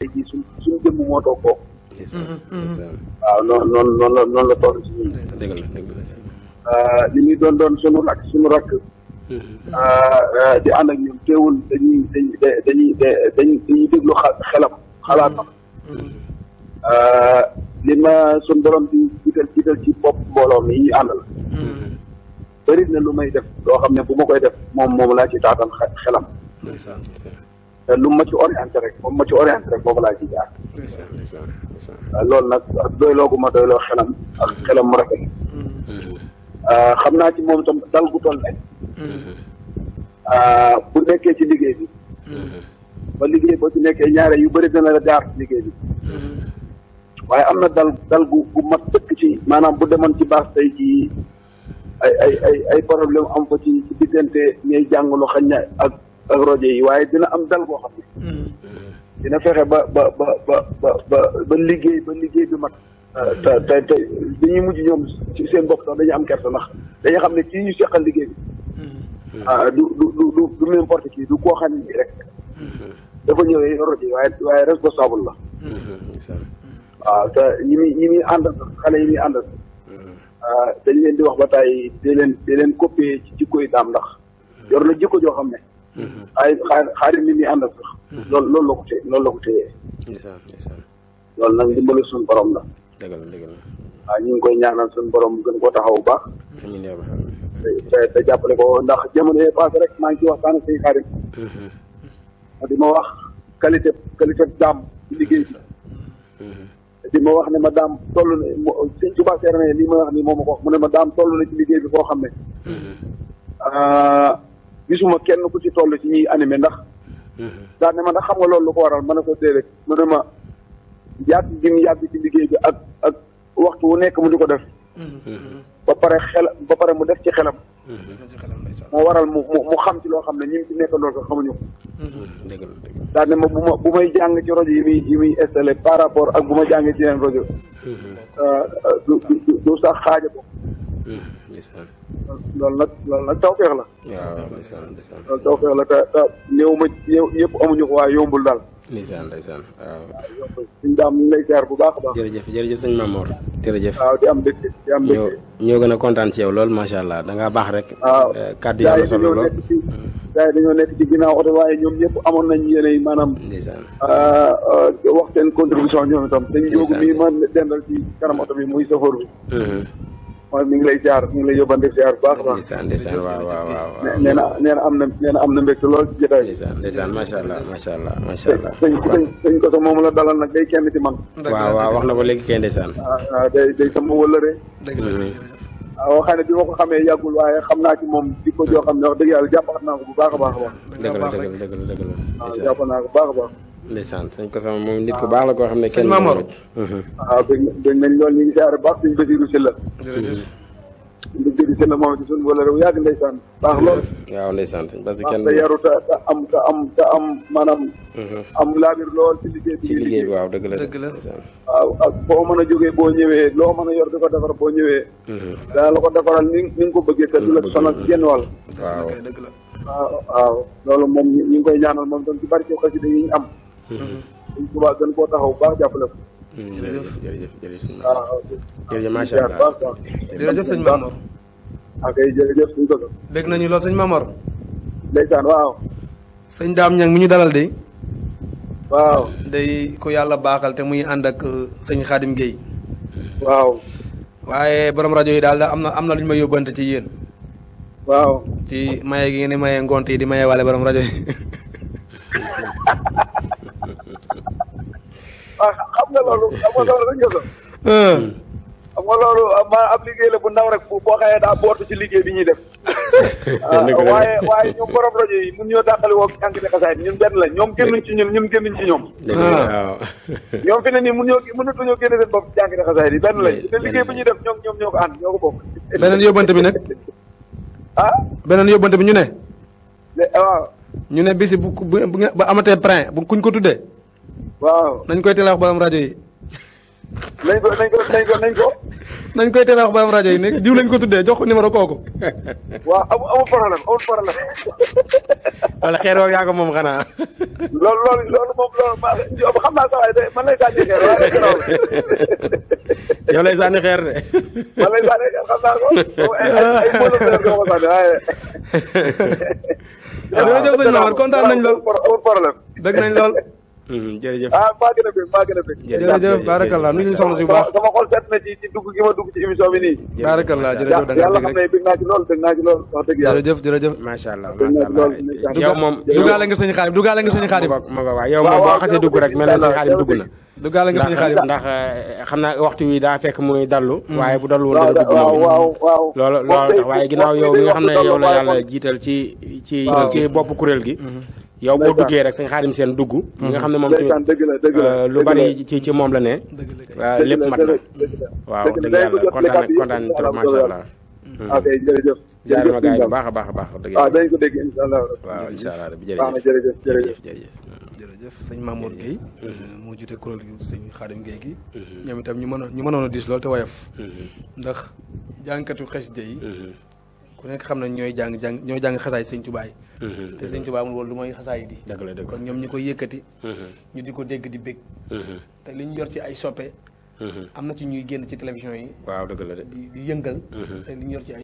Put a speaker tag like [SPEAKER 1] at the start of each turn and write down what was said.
[SPEAKER 1] tey jii suñ suñ jëmm moo toog foofu.
[SPEAKER 2] Mhm, mhm.
[SPEAKER 1] waaw noonu noonu noonu la noonu la toll ah, doon doon suñu rakk suñu rakk. Mhm. Ah, ah, di ànd ak ñoom teewul dañuy dañuy dañuy dañuy déglu xelam xalaatam. li ma suñ borom di jiital jiital ci bopp mbooloo mi ñu àndal. bëri na lu may def loo xam ne bu ma koy def moom moom laa ci taatal xelam. lu ma ci orienté rek moom ma ci orienté rek boobu laa ci jaar. Euh, nag doyloo gu ma doyloo xelam ak xelam mu rafet.
[SPEAKER 2] Mm-hmm.
[SPEAKER 1] Euh, xam naa ci moom tam dal gu toll rek. Mm-hmm. Euh, bu nekkee ci liggéey bi.
[SPEAKER 2] ma mm-hmm.
[SPEAKER 1] liggéey ba ci nekkee ñaare yu bëri dina la jaar liggéey bi. waaye am na dal dal gu gu mat ci maanaam bu demoon ci baax tey jii ay ay ay problème am fa ci diggante ñiy jàngalu xañ na ak. ak rajo yi waaye dina am dal boo xam ne hmm. dina fexe ba ba ba ba ba liggéey ba liggéey bi mag te te te dañuy mujj ñoom ci seen bopp sax dañuy am kersa ndax dañuy xam ne kii ñu seqal liggéey bi hmm. ah du du du du n'importe qui du koo xam ne rek hmm. dafa ñëwee yor waaye waaye responsable la waaw ah, te ñi muy ñi muy xale yi muy àndal ah, dañ leen di wax ba tey di leen di leen copier ci jikko yi daam ndax yor na jikko joo xam ne xaar xaar xaari nit ñi ànd ak sax loolu la ko téye loolu la ko téyee loolu nag dimbalu suñu borom la dëgg ñu ngi koy ñaanal suñu borom gën koo taxaw bu baax te te jàppale ko ndax jamono yee passé rek maa ngi ci waxtaan ak say xarit mhm. di ma wax qualité qualité daam ci liggéey bi mhm. di ma wax ne ma daam toll na sëñ Tuubaa seere ne lii ma wax nii moom ma ko wax mu ne ma daam toll na ci liggéey bi koo xam ne mhm. ah, gisuma kenn ku ci toll ci ñuy animé ndax. Mhm. daa ma ndax xam nga loolu lu ko waral ma ne ko déedéet mu ne ma yàgg gi mu yàgg ci liggéey bi ak ak waxtu wu nekk mu di ko def.
[SPEAKER 2] Mhm.
[SPEAKER 1] ba pare xel ba pare mu def ci xelam. Mhm. moo waral mu mu xam ci loo xam ne ñi ci nekk loolu sax xamuñu
[SPEAKER 2] ko.
[SPEAKER 1] ma bu ma bu may jàng ci rajo yi muy yi par rapport ak bu ma jàng ci yeneen rajo. Euh, euh, du du sax xaaja ko. loolu nag loolu nag tawfeex la.
[SPEAKER 2] waaw ndeysaan ndeysaan. loolu tawfeex
[SPEAKER 1] la te te néew ma yëpp amuñu ko waaye yombul daal.
[SPEAKER 2] ndeysaan ndeysaan waaw.
[SPEAKER 1] suñu daam ñu lay jaar bu baax a baax.
[SPEAKER 2] jërëjëf jërëjëf sëñ Mamor jërëjëf.
[SPEAKER 1] waaw di am dëkk di am dëkk. ñoo
[SPEAKER 2] ñoo gën a kontaan ci yow lool macha allah danga baax rek. waaw eh, kàddu yi am na solo lool.
[SPEAKER 1] Mm. gaa yi dañoo nekk ci ginnaaw oto waaye ñoom ñëpp amoon nañ yéene yi maanaam ah, ah, wax seen contribution ñoom itam dañ jógu mii ma dendal ci kanam oto bi muy safoor bi mm-hmm. mooy mi ngi lay jaar mi ngi lay yóbbante ziar waaw waaw waaw. na nee na am na nee na am na mbégte lool ci jotaay. ndeysaan
[SPEAKER 2] ndeysaan macha allah macha allah macha allah. sëñ sëñ
[SPEAKER 1] sëñ Koso moom la dalal nag day kenn ci man. waaw waaw wax na
[SPEAKER 2] ko léegi kenn ndeysaan. waaw
[SPEAKER 1] ah, ah, day day sama wëllëre.
[SPEAKER 2] dëgg la
[SPEAKER 1] waaw xëy na bi ma ko xamee yàggul waaye xam naa ci moom di ko joo xam dëgg yàlla jàppaat naa ko bu baax a baax a baax.
[SPEAKER 2] dëgg la dëgg la dëgg la
[SPEAKER 1] dëgg la. Ah,
[SPEAKER 2] ndeysaan sëñ ko sama moom nit ku baax la koo xam ne kenn Mamour mhm.
[SPEAKER 1] waaw dégg nañ loolu ñu ngi siyaare baax suñu Basiru Sylla ñu jëri seen moom ci suñu wala réew yàgg ndeysaan baax lool
[SPEAKER 2] waaw ndeysaan parce que kenn te yaru te
[SPEAKER 1] am te am te am maanaam mhm. am laabir lool ci liggéey waaw dëgg la dëgg la waaw ak foo mën a jógee boo ñëwee loo mën a yor di ko defar boo ñëwee mhm. daa la ko defaral ni ni nga ko bëggee te du la sonal genn wàll waaw moom ñu ngi koy ñaanal moom tam ci barke xasida yi ñu am suñ Tuubaa gën koo taxaw baax
[SPEAKER 2] nañu lool sëñ Mamour. ndeysaan sëñ Daam Ñang mi ñu dalal de. waaw day ku yàlla baaxal te muy àndak ak uh, sëñ Xaadim Guèye. waaw. waaye borom rajo yi daal am na am na lu ñu may yóbbante ci yéen. waaw ci maye gi ngeen di maye ngont yi di maye waale borom rajo yi.
[SPEAKER 1] nga loolu xam nga loolu rek nga sax. xam nga la bu ndaw rek boo xëyee daa bootu ci liggéey bi ñuy def.
[SPEAKER 2] Ah, waaye waaye ñoom
[SPEAKER 1] borom rajo yi ñun ñoo dàqali woo jàng di ñun benn la ñoom génnuñ ci ñun ñun génnuñ ci ñoom. Ah.
[SPEAKER 2] waaw
[SPEAKER 1] ñoom fi ne nii mënuñoo mënatuñoo génne seen bopp jàng di xasaay yi benn lañ. benn liggéey bi ñuy def ñoom ñoom ñoo ko ànd ñoo ko
[SPEAKER 2] ah? ñu ne. waaw. ñu bisi bu bu ba amatee prin bu kuñ ko tuddee waaw nañ koy teel a wax borom rajo yi. nañ ko nañ ko nañ ko nañ koy teel a wax borom rajo yi ne diw lañ ko tuddee jox ko numéro kooku.
[SPEAKER 1] waaw amul amul problème amul problème.
[SPEAKER 2] wala xeer woog yaa ko moom xanaa.
[SPEAKER 1] loolu loolu moom loolu maa xam naa sax waaye de man lay sànni xeer de.
[SPEAKER 2] yow lay sànni xeer de.
[SPEAKER 1] man lay sànni xeer
[SPEAKER 2] kontaan nañ lool
[SPEAKER 1] amul dëgg nañ lool. Mm-hmm. jërëjëf ah maa gën a bëgg maa gën a bëgg. jërëjëf baarakallah nuyu bi
[SPEAKER 2] nii. baarakallah jërëjëf da nga dégg rek yàlla xam ne bëgg dëgg yàlla. jërëjëf jërëjëf macha allah macha allah yow moom dugaale nga sëñ ma nga waaw yow moom boo xasee dugg rek mel na sëñ xaalim dugg na dugaale nga ndax eh, xam naa waxtu wi daa fekk muy dallu mm. waaye bu dallu woon dana dugg loolu loolu waaye ginnaaw yow nga xam ne yow la yàlla jiital ci ci ci bopp kuréel gi mm-hmm. yow boo duggee rek sëñ xaarim seen dugg ñi mhm. nga xam ne moom tamit
[SPEAKER 1] euh, lu bari
[SPEAKER 2] ci ci moom la ne lépp mat na
[SPEAKER 1] waaw dëgg yàlla kontaan kontaan trop macha allah mhm. ok jërëjëf jaare ma gaay bu baax a baax a baax dëgg waaw ah, dañ ko dégg incha
[SPEAKER 2] allah waaw incha allah rabbi jërëjëf jërëjëf jërëjëf jërëjëf sëñ mhm. moo jiite kuréel gi sëñ Xaadim Gueye gi ñoom itam ñu mënoon ñu mënoon a diis lool te woyof ndax jànkatu xes yi ku nekk xam na ñooy jàng jàng ñooy jàng xasaay sëñ Tuubaa yi
[SPEAKER 1] mhm. te sëñ Tuubaa
[SPEAKER 2] amul woon lu mooy xasaay di kon ñoom ñu koy yëkkati mhm. ñu di ko dégg di bég mhm. te li ñu yor ci ay soppe am na ci ñuy génn ci télévision yi waaw dëgg la de di yëngal te li ñu yor ci ay